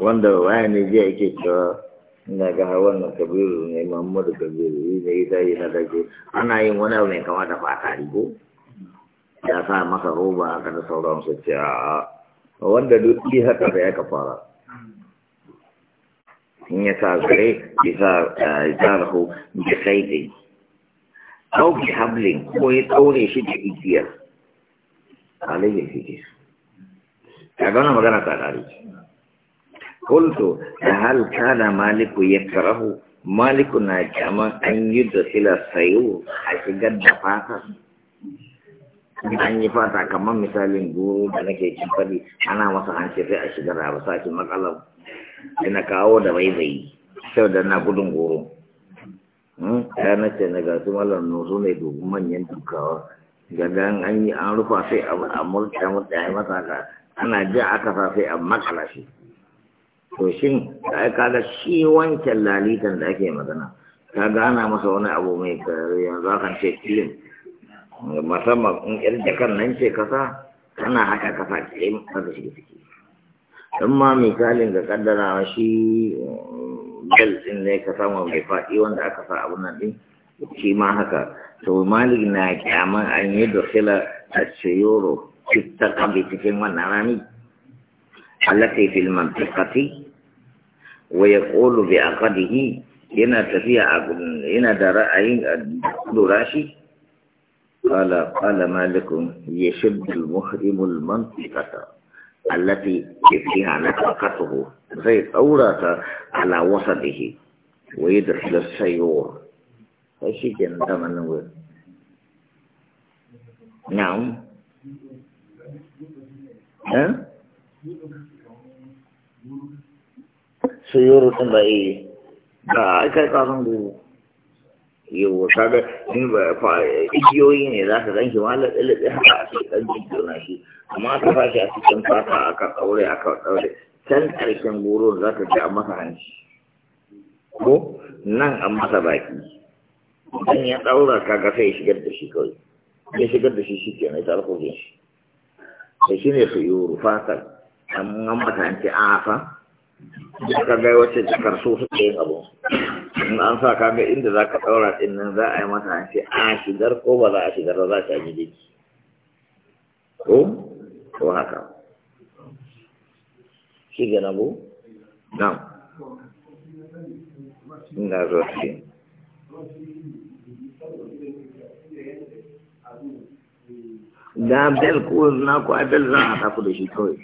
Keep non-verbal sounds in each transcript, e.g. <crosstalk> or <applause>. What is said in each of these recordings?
wanda waya ne jiya yake cewa ina ga wannan kabiru ne muhammadu kabiru yi da ita yi na dake? ana yin wani abu mai kama da fata rigo ya sa masa roba aka da sauran su ce a wanda duk yi haka da ya fara in ya sa zare ya sa zarahu eh, da sai dai ɗauki hablin ko ya ɗaure shi da igiyar alayhi fikir ya ga wani magana ta ɗari da hal Maliku ya maliku na كان an yi da sila sayo a shigar da fata an yi fata kamar misalin guru da nake cin fadi ana masa ce sai a shigar a wasa ki matsalar yana kawo da bai-bai, sau da na gudun goro ya na ce na gasu malar nozo ne domin manyan dukawa gagan an yi an rufa sai a murta murta ya masa ana ji aka sa sai a makala shi to shin ai kaga shi wancan lalitan da ake magana ka gana masa wani abu mai yanzu akan ce kilin musamman in yar jakan nan ce kasa tana haka kasa kilim kasa shi ciki don ma misalin da kaddara shi mm, bel din ne ka samu mai faɗi wanda aka sa abun nan din shi ma haka to malik na kyaman an yi dokila a ciyoro cikin wannan rani allati fil mantiqati waya yaqulu bi aqdihi yana tafiya yana da ra'ayin lura shi qala qala malikum yashuddu al-muhrimu al-mantiqata allati fiha naqatuhu zai tsaura ta ala wasadihi wa yadkhulu as-sayyur sai shi ke nan nan wurin na'am suyuru ɗin ba eh ba a kai kasan gugu yau kaga in ba igiyoyi ne za ka ganshi ma lalatsi haka a cikin jikin na shi amma ta fashi a cikin fata aka ɗaure aka ɗaure can ƙarshen goro za ka ji a masa hanci ko nan an masa baki idan ya ɗaura kaga sai ya shigar da shi kawai ya shigar da shi shi ke mai tarko shi da shi ne su yi rufatar an mata hanci a hafa ka ga wacce cikar so suke yin abu in an sa ka ga inda za ka ɗaura ɗin nan za a yi mata an ce a shigar ko ba za a shigar ba za ta yi jiki ko ko haka shi ga na bu na ina zo shi da bel ko na ko a bel za a tafi da shi kawai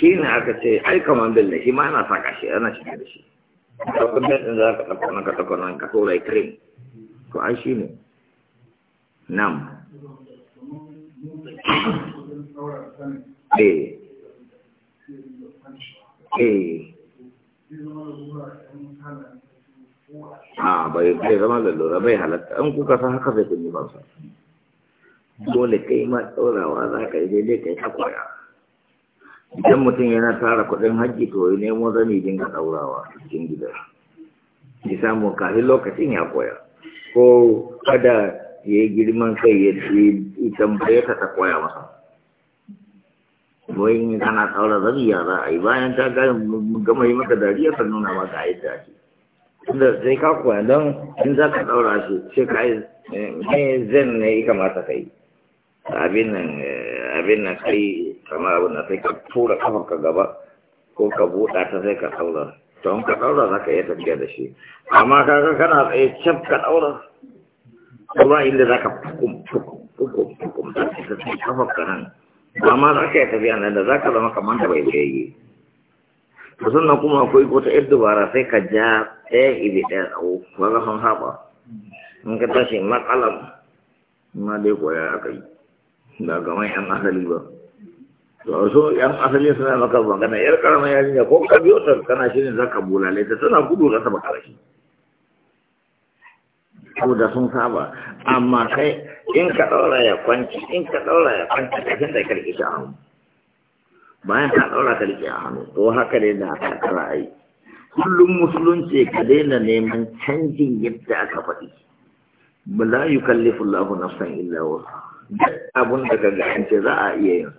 shi ne aka ce ai kamandan ne shi ma ana sa shi ana shiga da shi ɗaukar ɗin za ka ɗauka na ka ɗauka nan ka tura kirim to ai shi ne nam eh eh a ah, bai bai zama lura bai halatta an kuka san haka sai kun yi ba dole kai ma tsaurawa za ka yi daidai kai ta koya idan mutum yana tara kuɗin hajji to ne nemo zani dinga ɗaurawa cikin gida ya samu kafin lokacin ya koya ko kada ya yi girman kai ya tambaye ka ta koya masa boyin kana tsaura zani ya za a yi bayan ta gama yi maka dariya ta nuna maka a yadda ake tunda sai ka koya don in za ka ɗaura shi sai ka yi eh, zan ne ya kamata ka yi abin nan eh, kai kama abin da sai ka tura kafar ka gaba ko ka buɗa ta sai ka ɗaura don ka ɗaura za ka iya tafiya da shi amma ga kana tsaye can ka ɗaura kuma inda za ka fukum fukum fukum fukum za ka tafi kafar ka nan amma za ka iya tafiya nan da za ka zama kamar da bai yi. to sannan kuma akwai wata yar dubara sai ka ja ɗaya ibi ɗaya tsawo ba za san haɓa in ka tashi matsalar ma dai koya aka yi ba ga mai an asali ba so yan asali suna maka magana yar karama yarinya ko ka biyo ta kana shi ne za ka bulale ta tana gudu ka saba karshe Ko saboda sun saba amma kai in ka ɗaura ya kwanci in ka ɗaura ya kwanci kafin da karki shi a bayan ka ɗaura ka rike a hannu to haka ne da aka kara ai kullum musulunci ka daina neman canjin yadda aka faɗi ba la yukallifu nafsan illa wa abun da ka ga an ce za a iya yin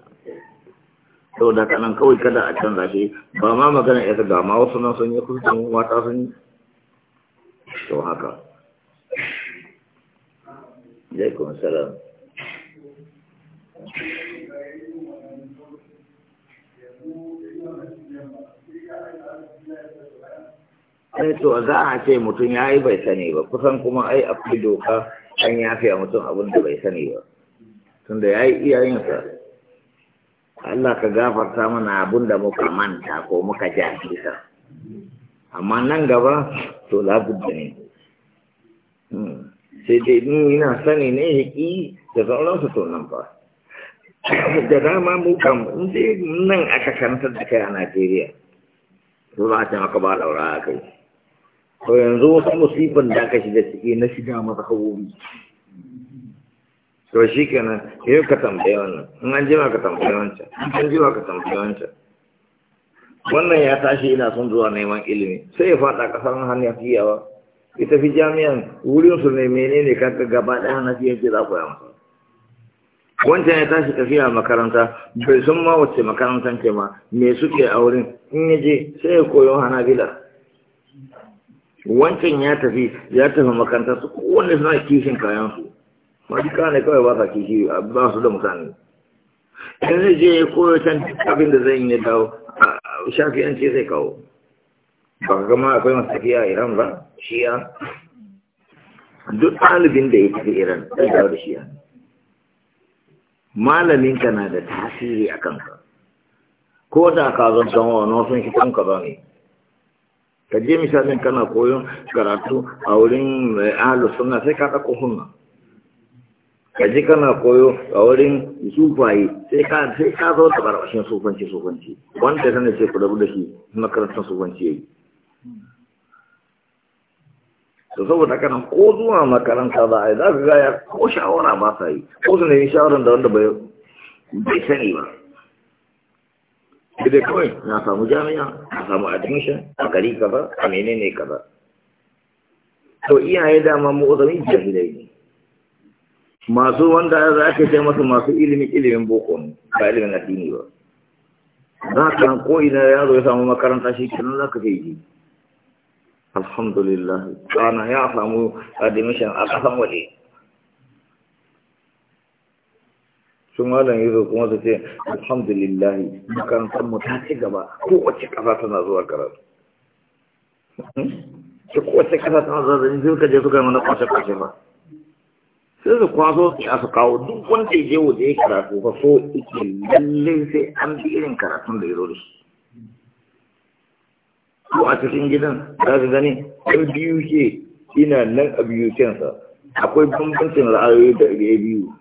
sau da kanan kawai kada a canza shi ba ma magana ya ga ma wasu nan sun yi kusurin mata sun yi to haka alaikun salam sai eh, to za a ce mutum ya yi bai sani ba kusan kuma ai akwai doka an yafi a mutum abin da bai sani ba tunda ya yi iyayensa Allah ka gafarta mana abun da muka manta ko muka jahilta amma nan gaba to labudda ne hmm. sai dai ni ina sani ne yaki da sauransu to nan ba. <coughs> da dama mu kam in nan aka karantar da kai a Najeriya to ba a ce maka ba laura kai to yanzu wasu musibin da aka shiga ciki na shiga masa hawobi to shi kenan yau ka tambaye wannan in an ma ka tambaye wancan in an ma ka tambaye wancan wannan ya tashi ina son zuwa neman ilimi sai ya faɗa ƙasar hannun fiyawa Ya fi jami'an su ne ne kanka gaba ɗaya na fiye ce za ku wancan ya tashi tafiya makaranta bai sun ma wace makarantar ke ma me suke a wurin in ya je sai ya koyo hanabila wancan ya tafi ya tafi makarantar su kowanne suna kishin kayansu majika ne kawai ba sa kishi ba su da mutane idan zai je koyo can abin da zan yi dawo shafi ce zai kawo ba ka gama akwai masu tafiya a iran ba shiya duk ɗalibin da ya tafi iran ɗan dawo da shiya ka na da tasiri a kanka ko da ka zan san wani sun shi ka ba ne ka je misalin kana koyon karatu a wurin eh, ahalus suna sai ka ɗauko hunna ka ji kana koyo a wurin sufaye sai ka sai ka zo da barbashin sufanci sufanci wanda kana ce ku rabu da shi makarantar sufanci yayi to saboda kana ko zuwa makaranta ba a za ka gaya ko shawara ba sa yi ko su ne shawaran da wanda bai sani ba sai kawai na samu jami'a na samu admission a gari kaza a menene kaza to iyaye dama mu uzuri jahilai ne masu wanda za a ce masu masu ilimin ilimin boko ne ba ilimin addini ba za ka ko ina yaro ya samu makaranta shi kenan za ka ce alhamdulillah kana ya samu admission a kasan waje sun malam yi kuma su ce alhamdulillah makarantar mu ta ci gaba ko wacce kasa tana zuwa karatu hmm? wacce kasa tana zuwa zai suka je suka mana kwashe kwashe ba sai su kwaso su a kawo duk wanda ya je waje ya karatu ba so ike lallai sai an bi irin karatun da ya zo da shi ko a cikin gidan za su gani ɗan biyu ke ina nan a biyu kensa akwai bambancin ra'ayoyi da abu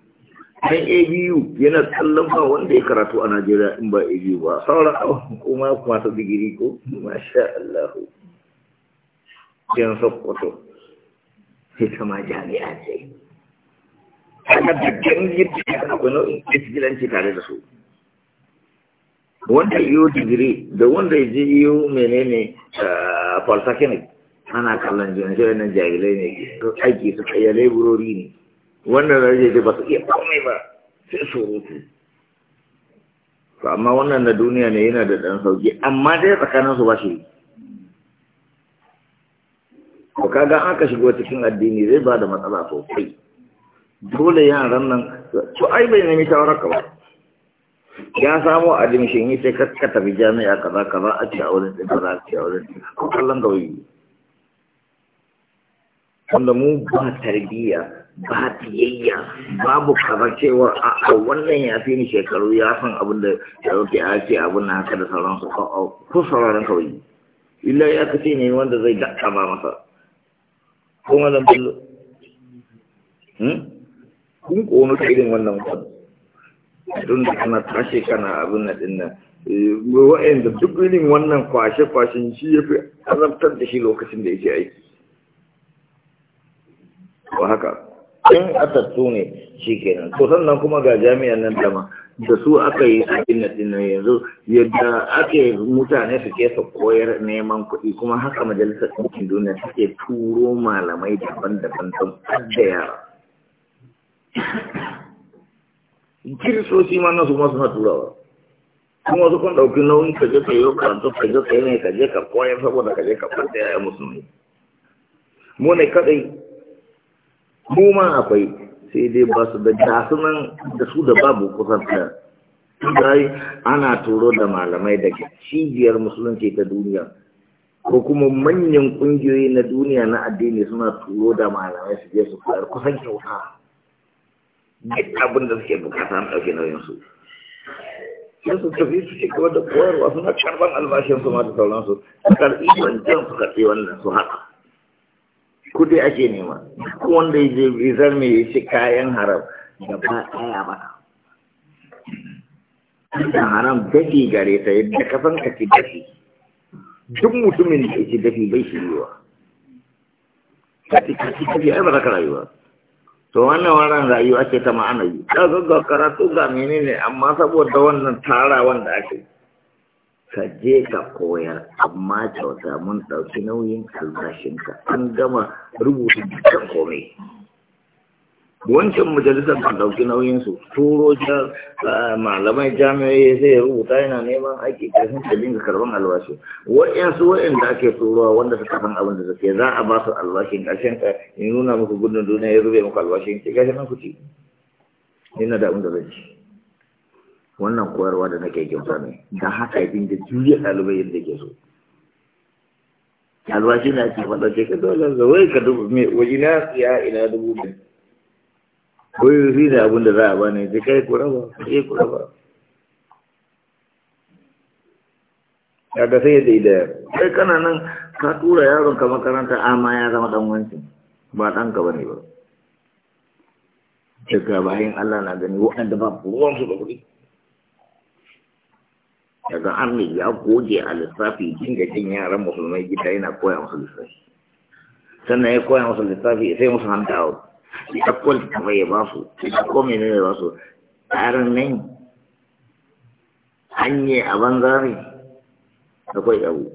ɗan abu yana tsallon ba wanda ya karatu a najeriya in ba abu ba sauran kuma masu digiri ko masha allahu yan sokoto sai kama jami'a ce kuma da ganyen cikin akwai nau'in isgilanci tare da su wanda yiwu digiri da wanda ya ji yiwu menene ah, polytechnic ana kallon jinsu na jahilai ne aiki su tsaye laborori ne Wannan zai ce ba su iya komai ba sai surutu to amma wannan na duniya ne yana da ɗan sauki amma dai tsakanin su ba shi Ko kaga aka shigo cikin addini zai ba da matsala sosai dole yaran nan to ai bai nemi shawararka ba ya samo admission yi sai ka tafi jami'a kaza kaza a ci a wurin ɗin kaza a ci a wurin ko kallon gaba wuyi wanda mu ba tarbiyya ba biyayya babu kaza cewar a wannan ya fi ni shekaru ya san abin da ya rufe a ce abin na haka da sauransu ko sauraron kawai illa ya kace ne wanda zai daɗa ba masa ko wanda bello hmm? kun kono ta irin wannan don da kana tashi kana abin na din nan eh, wa'anda duk irin wannan kwashe-kwashen shi ya fi azabtar da shi lokacin da yake aiki ba haka in atattu ne shi kenan to sannan kuma ga jami'an nan dama da su aka yi abin na nan yanzu yadda ake mutane su ke koyar neman kuɗi kuma haka majalisar ɗinkin duniya suke turo malamai daban-daban don da yara kiristoci ma nasu ma suna turawa kuma su kan ɗauki nauyin ka je ka yi karatu ka ka yi ne ka ka saboda ka mu ne kadai akwai sai dai da gasu da su da babu kusan ɗaya dai ana turo da malamai daga cibiyar musulunci ta duniya ko kuma manyan ƙungiyoyi na duniya na addini suna turo da malamai su je su koyar kusan kyauta duk abin da suke bukata an ɗauke nauyinsu sai su tafi su ci gaba da koyarwa suna karɓar albashin su ma da sauransu su karɓi wancan su karɓi wannan su haka kudi ake nema duk wanda ya je bizar mai ya ci kayan haram da ba ɗaya ba da haram dafi gare ta yadda ka san ka ci dafi duk mutumin da ya ci dafi bai shi yiwa ka ci dafi ai ba za ka rayuwa to wannan wannan rayuwa ce ta ma'ana yi ta ga karatu ga menene amma saboda wannan tara wanda ake ka je ka koyar amma kyauta mun ɗauki nauyin albashinka an gama rubuta dukkan komai wancan majalisar dauki ɗauki su turo malamai jami'ai sai ya rubuta yana neman aiki kafin ta dinga karban albashi wa'yansu da ake turowa wanda su kafan abin da suke za a ba su albashin ƙarshen ka in nuna muku gudun duniya ya rube muku albashin ki gashi nan kuti. ci yana da da zai ci wannan koyarwa da nake kyauta ne da haka ya dinga juya ɗalibai yadda ke so albashi na ke faɗa ce ka dole zai ka dubu mai wajina ya ina dubu biyu ko yi da abin da za a bani da kai ku ba, kai ba. Ya ga sai da ida kai kana nan ka tura yaron ka makaranta amma ya zama dan wancin ba dan ka bane ba daga bayan Allah na gani waɗanda ba ruwan su da kuɗi daga arni ya goge a lissafi dinga jin yaran musulmai gida yana koya musu lissafi sannan ya koya musu lissafi sai musu hamdawa ya ɗauko littafai ya ba su ya ɗauko mene ne ba su tsarin nan hanyar a banzare akwai abu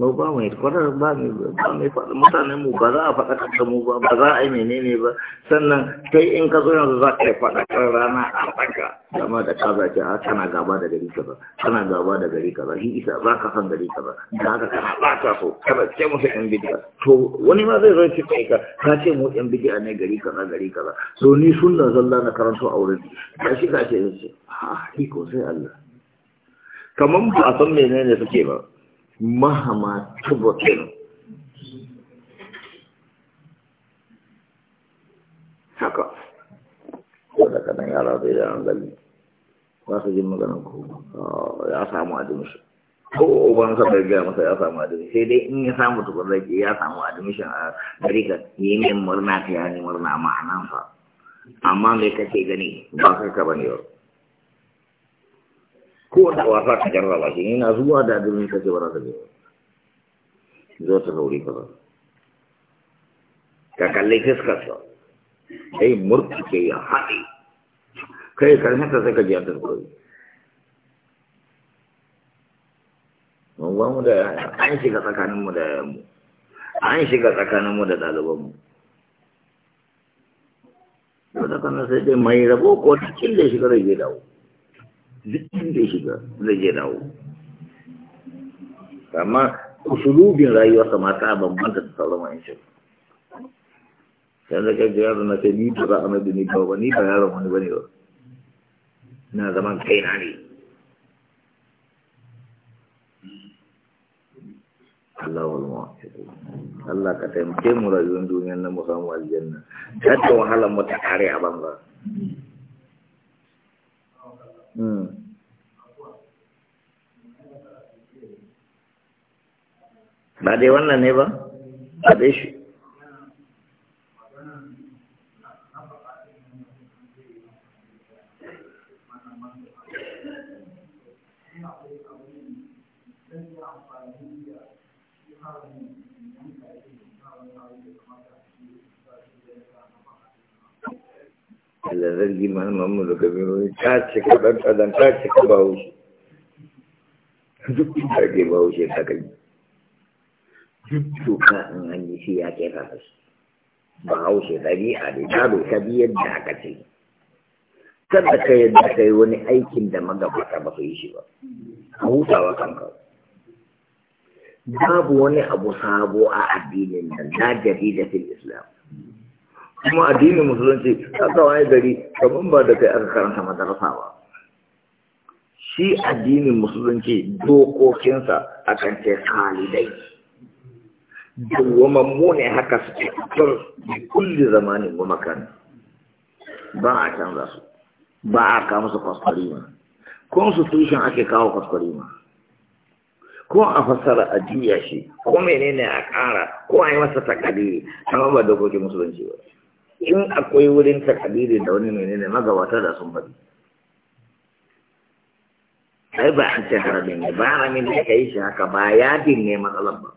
mu ba mai kwarar ba mai faɗa mutane mu ba za a faɗa kanta mu ba ba za a yi menene ba sannan kai in ka zo yanzu za ka yi faɗa kan rana a ɗanka dama da ka za a ah, kana gaba da gari kaza kana gaba da gari kaza shi isa za ka san gari kaza da haka kana ɓata so kana ce musu yan bidiya to wani ma zai zo ci kai ka ka ce mu yan bidiya ne gari kaza gari kaza so ni sunna zalla na karanto a wurin ka shi ka ce ha ah, ko sai Allah kamar ba a san menene suke ba mahama tubutin haka ko da kanan yara zai da gani ba su jin maganin ku ah, ya samu admission ko sa bai gaya masa ya samu admission sai dai in ya samu tukur ya samu admission a gari yi min murna ta murna ma'anansa amma mai kake gani ba kai ka bane yau ko da wasa ka jarraba shi ina zuwa da abin ka ce ba za ka je zo ta sauri ka ba ka kalli fiskarsa kai murtuke ya haɗe kai karshenta sai ka ji Mun ba mu da an shiga tsakanin mu da yayanmu an shiga tsakanin mu da ɗalibanmu da tsakanin sai dai mai rabo ko cikin da shiga rage dawo duk inda shiga zai je dawo amma usulubin rayuwarsa mata bambanta da sauran wa'ancin yanzu kai ga yaro na sai ni ba za a mai ni ba ni ba yaron wani bane ba na zaman na ne Allah wal muwaffiq Allah ka taimake mu rayuwar duniyar nan mu samu aljanna kada wahala mu ta kare a banza Hmm. ba dai wannan ne ba a dai shi على رجلي ما هم أمم لو كبروا كاتش كبر فدان كاتش كباوش جبت كاتش باوش كاتش جبت كان عندي شيء أكيراس باوش تاني هذي كابو كبير ده كاتي كذا كي ده كي وني أي كم ده ما جبت أبغى فيشي با هو سوا كم كار جابوني أبو سابو أحدين من الناجدين في الإسلام kuma addinin musulunci aka ya gari kamar ba da kai aka karanta madarasa ba shi addinin musulunci dokokinsa akan ce kalidai dawwamammu ne haka suke fitar da kulli zamanin goma kan ba a canza su ba a kawo musu su tushen ake kawo ma. ko a fassara a juya shi ko menene a kara ko a yi masa takadiri amma ba dokokin musulunci ba in akwai wurin takabiri da wani ne magabata da sun bari ai ba an ce haramin ne ba haramin da aka yi shi haka ba yadin ne matsalar ba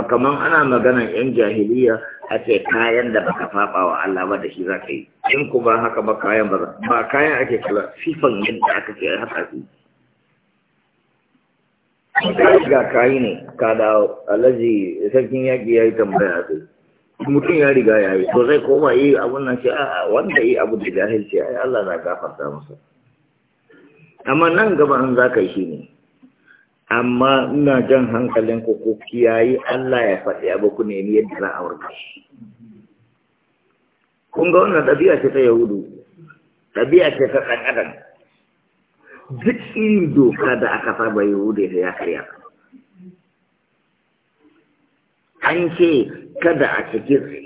ba kaman ana maganan yan jahiliya a ce kayan da baka faɓa wa Allah ba da shi za ka yi in ku ba haka ba kayan ba ba kayan ake kala sifan yadda aka ce haka su ga kayi ne ka dawo alaji sarkin yaƙi ya yi tambaya sai mutum ya riga ya yi to zai koma yi abun nan ce a'a wanda yi abu da jahilci ai Allah na gafarta masa amma nan gaba an zaka yi shine amma ina jan hankalin ku ku kiyaye Allah ya faɗi abu ku ne yadda za a warka shi kun ga wannan ɗabi'a ce ta yahudu ɗabi'a ce ta ɗan adam duk irin doka da aka saba yahudu ya karya ka an ce kada a ci kitse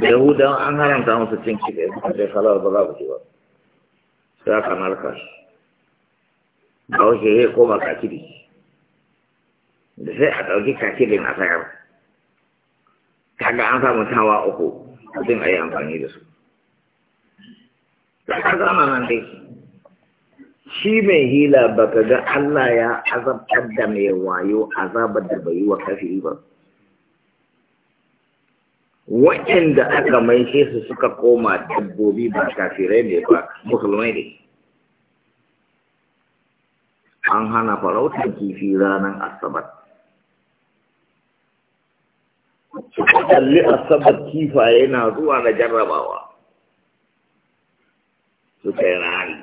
da yahudawa an haramta musu cin kitse da sai halal ba za ku ci ba sai aka kamar ka Ba wuce ya koma kakiri da sai a ɗauki kakirin a sayar kaga an samu tawa uku abin a yi amfani da su da ka zama nan dai shi mai hila ba ka ga Allah ya azabtar da mai wayo azabar da bai yi wa kafiri ba waɗanda aka maishe su suka koma dabbobi ba kafirai ne ba musulmai ne an hana farautar kifi ranar asabar suka kalli asabar kifa yana zuwa na jarrabawa suka yi rari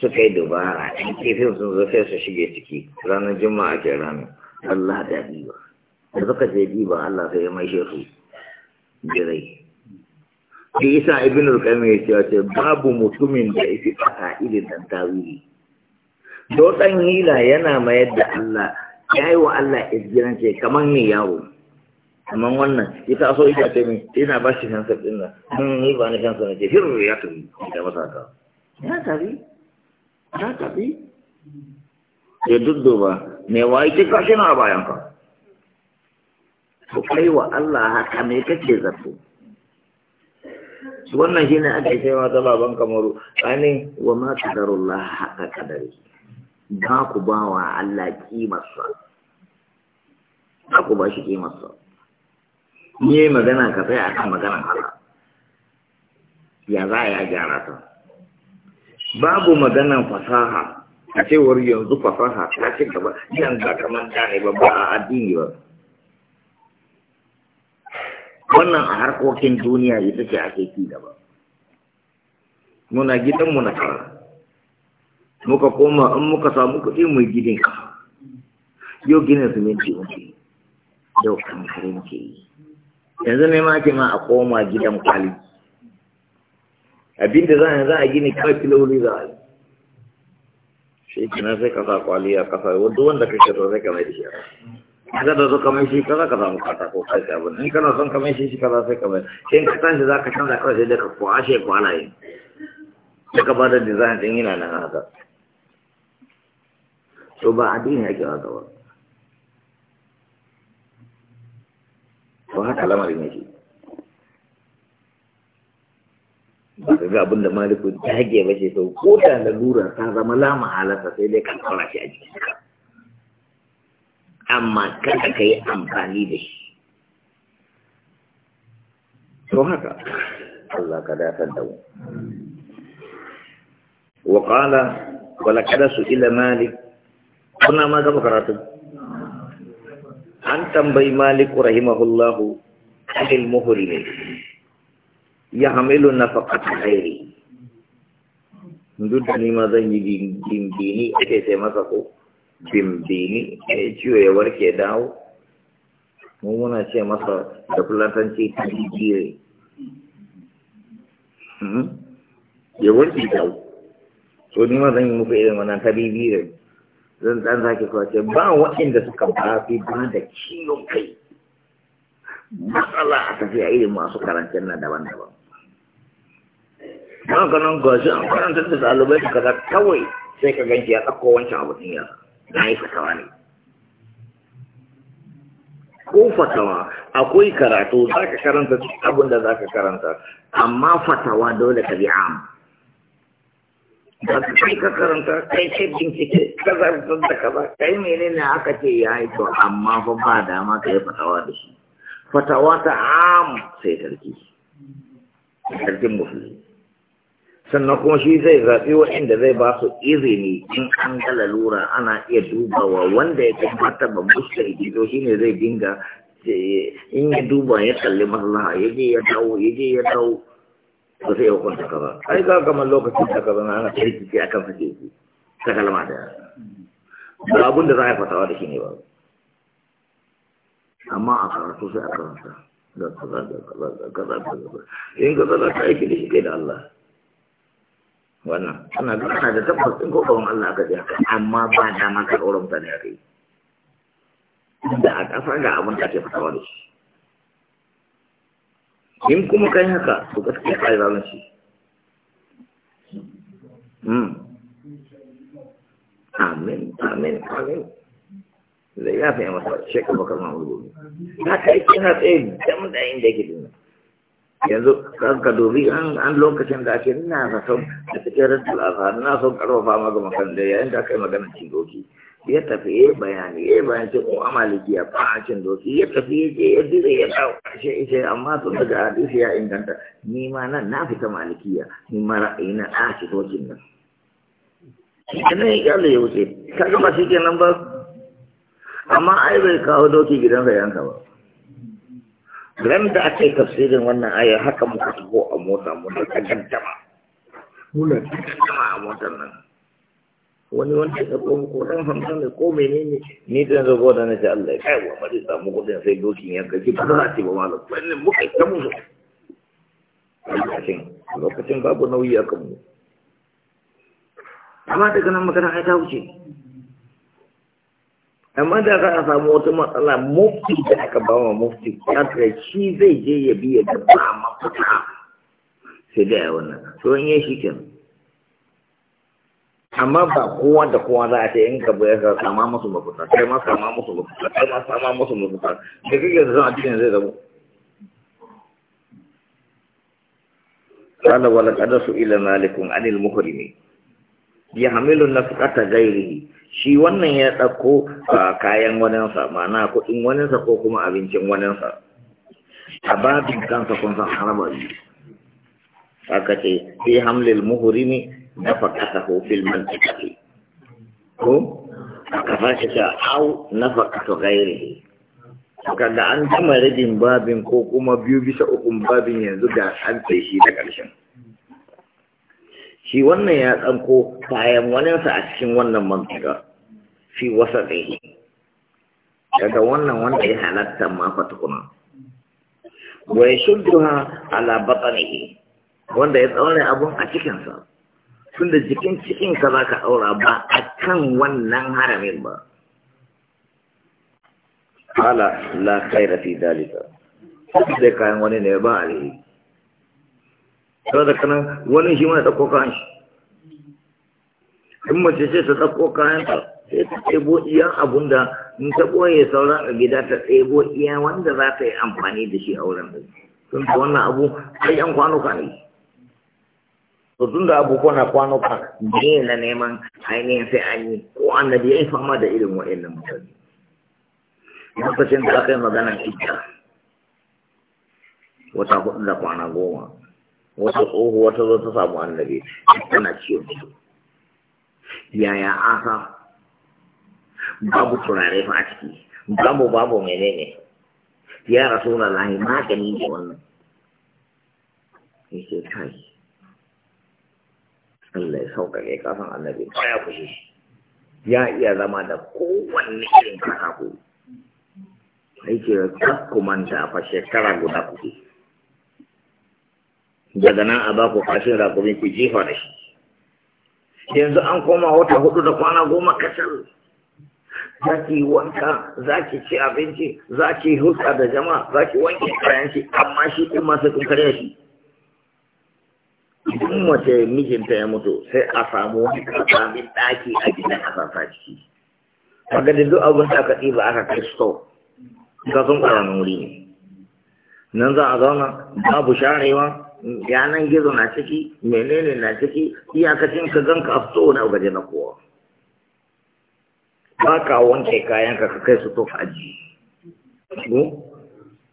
suka yi dubara yan kifin sun zafe su shige ciki ranar juma'a ke ranar allah da biyu da suka je ba Allah sai ya mai su birai shi isa ibn al-qayyim ya ce wace babu mutumin da yake fata irin dan tawili do dan hila yana mayar da Allah yi wa Allah ce kaman ne yawo kaman wannan ita so ita ce min ina ba shi kansa din nan mun hmm, yi ba ni kansa ce, hiru ya tafi da masa ka ya tafi ya tafi ya ba, me wai ka shi na bayan ka to kai wa Allah haka me kake zato wannan shine ake cewa ta baban kamaru ani wa ma qadarullah haka kadari ba ku ba wa Allah kimarsa ba ku ba shi kimarsa ni magana ka tsaya akan magana Allah ya za ya gyara ta babu magana fasaha a cewar yanzu fasaha ta ci gaba yanzu kamar da ne ba ba a addini ba wannan a harkokin duniya ita ce ake ci gaba muna gidan mu na kara muka koma in muka samu kuɗi mu gidan ka yau gina siminti wuce yau kankare ke yi yanzu ne ma ke ma a koma gidan kwali abinda za za a gini kawai filoli za a yi shi kina sai kasa kwali a kasa wanda kake so sai ka mai da shi kaga da zo mai shi kaza ka samu katako kai sai abin in kana son kamar shi shi kaza sai ka bai shi in ka tashi za ka canza kawai sai da ka ko ashe kwashe kwalaye suka ba da design din yana nan haka to ba addini yake haka ba to haka lamarin yake ba ga abin da maliku hage ba ce to ko da lalura ta zama lama halasa sai dai kan kaura shi a jikinka amma kada ka yi amfani da shi to haka Allah ka dafa da mu wa qala wala kada su ila malik kuna ma gaba karatu an tambayi malik rahimahullahu anil muhrimi ya hamilu nafaqat ghairi duk da ni ma zan yi dindini ake sai masa ko bimbini ya ciwo ya warke dawo mun muna ce masa da fulatanci ta jiri hmm? ya warke dawo so ni ma zan yi muku irin wannan ta bibire zan dan sake kwace ba waɗanda suka bafi ba da ciwon kai matsala a tafiya irin masu karancin na daban-daban ba ka nan gashi an karanta da ɗalibai su kaza kawai sai ka ganki ya ɗauko wancan abu ɗin yasa na yi fatawa ne ko fatawa akwai karatu za ka karanta abin da za ka karanta amma fatawa dole ka bi am da kai ka karanta kai ce bincike ka da kaza kai menene aka ce ya yi to amma fa ba dama ka yi fatawa da shi fatawa ta am sai sarki sarkin musulmi sannan kuma shi zai zaɓi waɗanda zai ba su izini in an ga lalura ana iya dubawa wanda ya kamata ba mushriki shi ne zai dinga in ya duba ya kalli maslaha ya je ya dawo ya je ya dawo ba sai ya hukunta ka ba ai ga kamar lokacin da ka zama ana a akan fi ki ta kalma da ba abin da za a fatawa da shi ne ba amma a karatu sai a karanta da kaza da kaza da kaza in kaza za ta aiki da shi kai da Allah wannan ana duk da tabbas ɗin kokarin Allah aka ji haka amma ba dama ka ɗora mutane a kai da a ƙasa da abin da ake fatawa da shi in kuma kai haka to gaskiya kai zalunci shi. Hmm. amin amin amin zai yafe masa shekaru bakar mamu gobe za ka yi kina tsaye dam da inda yake dinnan yanzu kan ka dubi an lokacin da ake ina sa da a cikin rantar azhar na son karfafa maka makaranta yayin da aka yi magana cin doki ya tafi ya bayani ya bayani ce ko amaliki ya ba cin doki ya tafi ya je ya dire ya dawo ashe ishe amma sun daga hadisi ya inganta ni ma nan na fita malikiya ni ma na a ci dokin nan ina ya ya wuce ka gama shi ke nan ba amma ai bai kawo doki gidansa yanka ba ran da aka yi tafsirin wannan ayar haka muka shigo a mota ta da kaddama muna kaddama a motar nan wani wani ya ko muku dan hamsin ne ko menene ni ta yanzu ko da ce Allah ya kai wa bari samu kudin sai dokin ya gaji ba za ce ba malam wannan muka ta mu lokacin lokacin babu nauyi kan mu amma daga nan magana ya ta wuce amma da za a samu wata matsala mufti da aka ba wa mufti kafin shi zai je ya biya da ba mafita sai da ya wannan to in yi shi kenan amma ba kowa da kowa za a ce in ka bayar ka sama musu mafita kai ma sama musu mafita kai ma sama musu mafita da kake da zan cikin zai zama قال ولقد سئل مالك عن المحرم يحمل نفقة غيره shi wannan ya ɗauko kayan waninsa ma'ana kuɗin waninsa ko kuma abincin waninsa a babin kansa kun san haraba biyu aka ce fi hamlil ne na faƙasa ko filman tsakafi ko aka shi ta au na faƙasa gairi kaga an jima rajin babin ko kuma biyu bisa ukun babin yanzu ga an tsaye shi da ƙarshen shi wannan ya tsanko kayan waninsa a cikin wannan mantika fi wasa ɗaya daga wannan wanda ya halatta ma fatukuna wa ya a ala ne wanda ya tsaure abun a cikinsa da jikin cikinka za ka ɗaura ba a kan wannan haramin ba ala la khaira fi dalika da kayan wani ne ba alheri sau da kanan wani shi mana ɗauko kayan shi in mace ce ta ɗauko kayan ta sai ta ɗebo iya abun da in ta ɓoye sauran a gida ta ɗebo iya wanda za ta yi amfani da shi a wurin da tun da wannan abu sai yan kwano ne to tun da abu kwana ka, ne na neman ainihin sai an yi ko annabi ya yi fama da irin wa'annan mutane lokacin da aka yi maganar ita wata hudu da kwana goma wata tsohuwa ta zo ta samu annabi tana ciwon su yaya aka babu turare fa a ciki babu babu menene ya rasu na lahi magani ne wannan yake kai Allah ya ne kasan annabi ya kushe shi ya iya zama da kowanne irin katako yake kakkumanta fa shekara guda kuke daga nan a ba ku kashin rakumin ku jefa da shi yanzu an koma wata hudu da kwana goma kasar za ki wanka za ki ci abinci za ki hulɗa da jama'a za ki wanke kayan shi amma shi ɗin masu kun karya shi idan mace mijinta ya mutu sai a samu wani kasamin ɗaki a gidan a sassa ciki kaga da duk abin da aka ɗiba aka kai sto ga sun ƙaramin wuri ne nan za a zauna babu sharewa yanan gizo na ciki menene na ciki iyakacin ka gan ka fito na gaje na kowa ba ka wanke kayan ka kai su tofa ji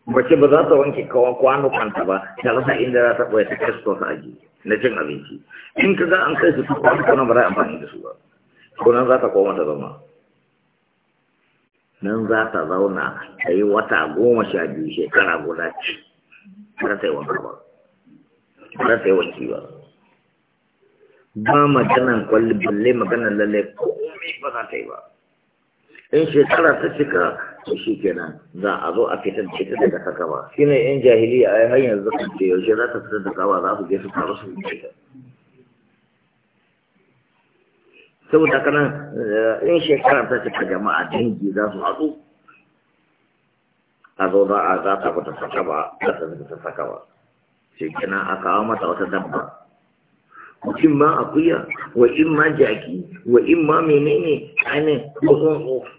bace ba za ta wanke kawan kanta ba ta rasa inda za ta ɓoye ta kai su tofa ji na cin abinci in ka ga an kai su to kwanukan ba za a amfani da su ba ko nan za ta koma ta zama nan za ta zauna ta yi wata goma sha biyu shekara guda ce ta yi wanka ba ba ta yi wanki ba ba maganan kwalli balle maganan lalle komai ba za ta yi ba in shekara ta cika to shi kenan za a zo a fitar da ita daga saka ba shi ne yan jahiliya a hanyar zaka ce yaushe za ta fitar da kawa za su je su faru su fitar saboda kanan eh, in shekara ta cika jama'a dangi za su haɗu a zo za a za ta fita saka ba za ta saka ba shi a kawo mata wata dabba in ma akuya wa in ma jaki wa in ma menene ainihin kusan tsofi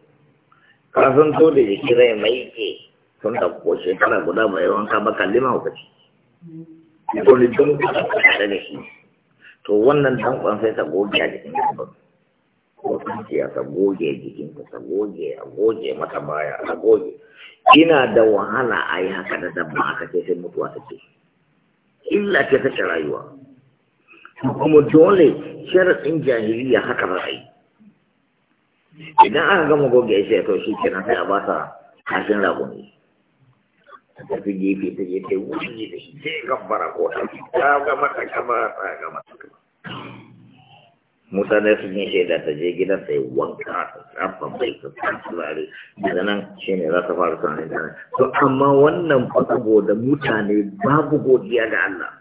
kafin to da kira rai mai ke sun ko shekara guda mai wanka ba kalli ma hukaci ko ni don kada tare da shi to wannan kwan sai ta goge a jikin ba ko ya ta goge jikin ta goge a goge mata baya a goge ina da wahala a yi haka da dabba aka ce sai mutuwa take illa ta take rayuwa kuma dole sharaɗin jahiliya haka ba a yi idan aka gama goge ya sai to shi kenan sai a ba sa kashin raguni ta tafi gefe ta je ta yi ne da shi sai gambara ko ta ta gama ta gama ta gama ta gama mutane su yi shaida ta je gidan ta yi wanka ta tsafa mai ta tsari daga nan shi ne za ta fara tunanin da to amma wannan fasago da mutane babu godiya da Allah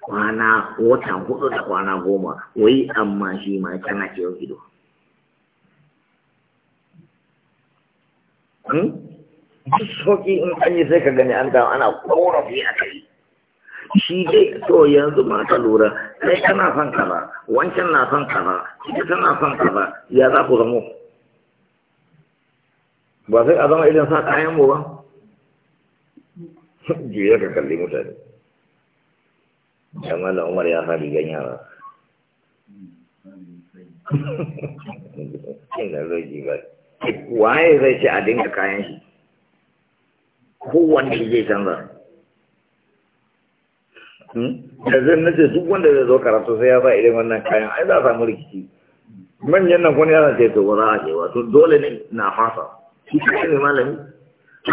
kwana wata hudu da kwana goma wai amma shi ma kana ce yau ido hmm? Soki in kanyi sai ka gani an dawo ana ƙorafi a kai shi dai to yanzu ma ka lura kai kana son kaza wancan na son kaza kika tana son kaza ya za ku zamo ba sai a zama irin sa kayan mu ba <laughs> Jiya ka kalli mutane jama'a umar ya sa rigan yara <laughs> ina zoji ba waye zai ce a dinga kayan shi kowanne zai canza Hmm? da zai nace duk wanda zai zo karatu sai ya sa irin wannan kayan ai za a samu rikici manyan nan kwani yana ce to ba za a ce wato dole ne na fasa shi kai ne malami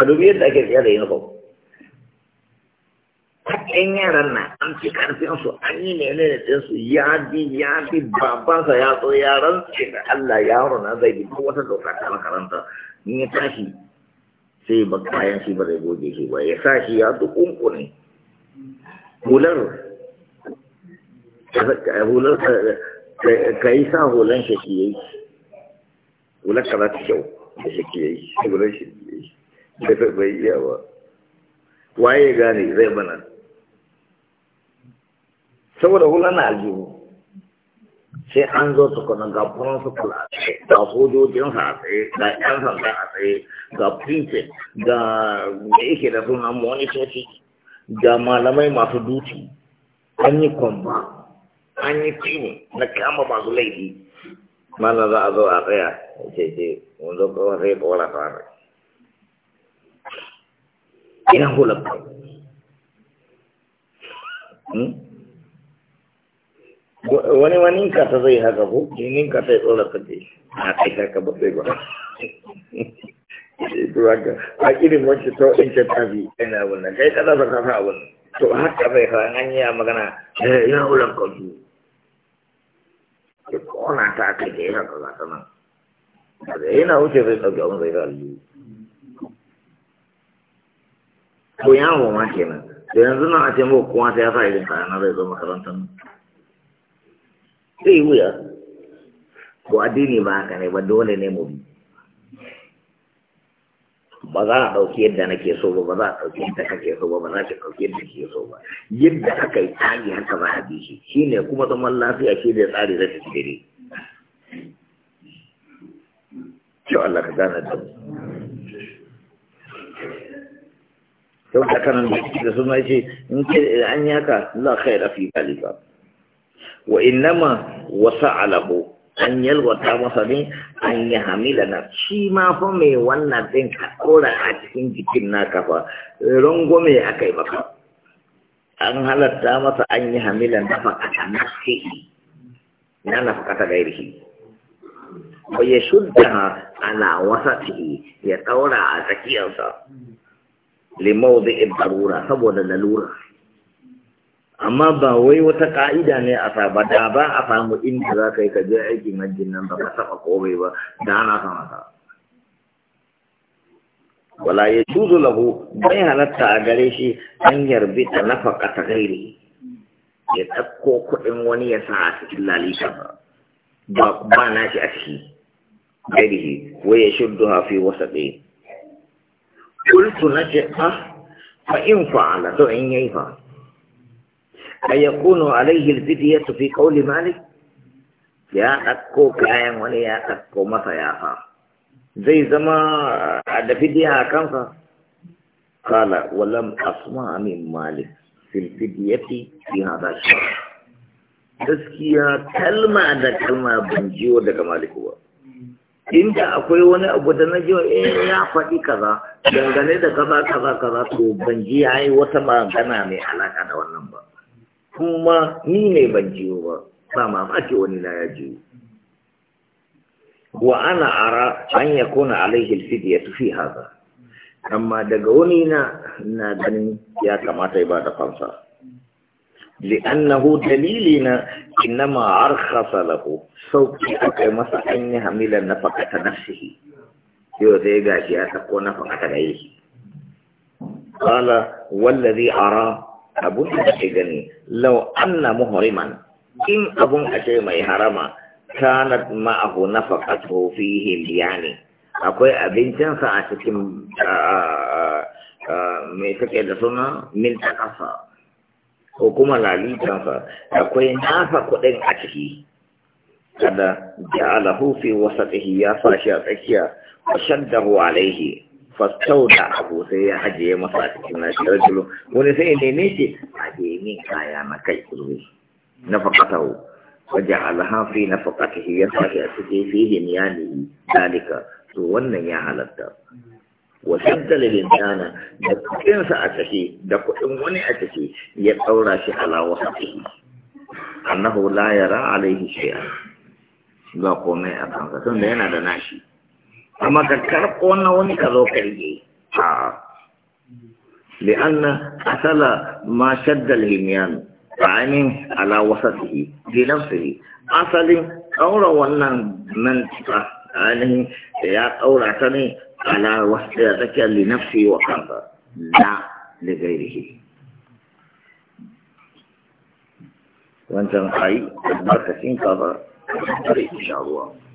a dubi yadda ake tsaye da yunifom haɗin yaran na an fi ƙarfinsu an yi ne ne ɗinsu ya bi ya bi babansa ya zo yaran ce da Allah yaro na zai bi wata doka ta makaranta in ya tashi sai ba kayan shi ba zai goge shi ba ya sa shi ya duk hular hular ka yi sa hular shaki ya yi hular ka za ta kyau da shaki ya yi hular shaki ya yi da bai iya ba waye gane zai bana saboda hular na aljihu sai an zo tukuna ga principal a tsaye ga sojojinsa a tsaye ga 'yan sanda a tsaye ga princess ga da yake da sunan monitoci ga malamai masu duti an yi kwamba an yi tsini na kama masu laifi mana za a zo a tsaya ce ce wanda kawai sai kawai fara ina hulabta hmm? wani wani ka ta zai haka ko jinin ka sai tsora ta ce a kai ka ka bai ba <laughs> to haka a irin wacce ta in ce ta bi ina wannan kai kada ba ka sa abun to haka bai ka an yi magana eh ina ulan ka su ke kona ta ka je haka ga sanan da yana wuce zai dauke abun zai ga aljihu to yawo ma kenan da yanzu nan a ce mu kowa sai ya sa irin kayan zai zo makarantar zai wuya ko addini ba haka ne ba dole ne mu bi ba za a ɗauki yadda nake so ba ba za a ɗauki yadda kake so ba ba za ki ɗauki yadda ke so ba yadda aka yi tsari haka ba a bishi shi ne kuma zaman lafiya shi ne tsari da ta dare Kyau Allah ka gane da mu. Yau da kanan da suna ce, in an yi haka, la khaira fi kalika. wa innama wasa alahu an yalwata masa ne an yi hamila na shi ma fa mai wannan din ka tsora a cikin jikin na kafa mai a kai maka an halatta masa an yi hamila na fakata na sihi na na fakata gairihi wa ya shudda wasa wasatihi ya ɗaura a tsakiyarsa limau da ibarura saboda lalura amma ba wai wata ka'ida ne a saba da ba a samu inda za ka yi ka je aikin hajjin nan ba ka taɓa komai ba da ana sama ta wala ya tuzo lahu bai halatta a gare shi an yarbi ta nafa ta gairi ya ɗauko kuɗin wani ya sa a cikin lalisa ba ba na shi a ciki shi. wai ya shuddu hafi wasa ɗaya kultu na ce ah fa in fa'ala to in fa'ala أيكون عليه الفدية في قول مالك يا أكو كاين ya يا أكو متى يا فا زي زما على فدية كم قال ولم أسمع من مالك في الفدية في هذا الشهر gaskiya kalma da kalma ban jiwo daga maliku ba inda akwai wani abu da na jiwa eh ya faɗi kaza dangane da kaza kaza kaza to ban ji yayi wata magana mai alaka da wannan ba kuma ni ne ban jiyo ba ba mamaki wani na ya jiyo wa ana ara an ko na alaihil fidi ya tufi haza amma daga wani na na ganin ya kamata ya ba da fansa li'annahu dalilina innama arkhasa lahu sauki akai masa an yi hamilan na fakata yau zai gashi ya sako na fakata da yi qala wallazi ara abun da ake gani law anna muhriman in abun ake mai harama kanat ma'ahu nafaqatuhu fihi liyani akwai abincinsa a cikin mai take da suna min takasa ko kuma lalitansa akwai nasa kuɗin a ciki kada ja'alahu fi wasatihi ya fashi a tsakiya wa shaddahu alaihi fastau da abu sai ya ajiye masa a cikin nashi rajulu wani sai ya neme ce. Ajiye min kaya na kai kurwe na fakatahu waje alhafi na fakatahi ya sake a cikin fihin ya ne dalika to wannan ya halatta wasan dalilin dana da kudinsa a ciki da kuɗin wani a ciki ya ɗaura shi alawa haƙi annahu la ya alaihi a. ba komai a kansa da yana da nashi اما ka karɓo وني كذو ka zo لأن أصل ما شد الهميان يعني على وسطه بنفسه أصل أورا wannan من يعني يا أورا تني على وسطك لنفسه وقلبه لا لغيره وانت حي البركة سين كذا إن شاء الله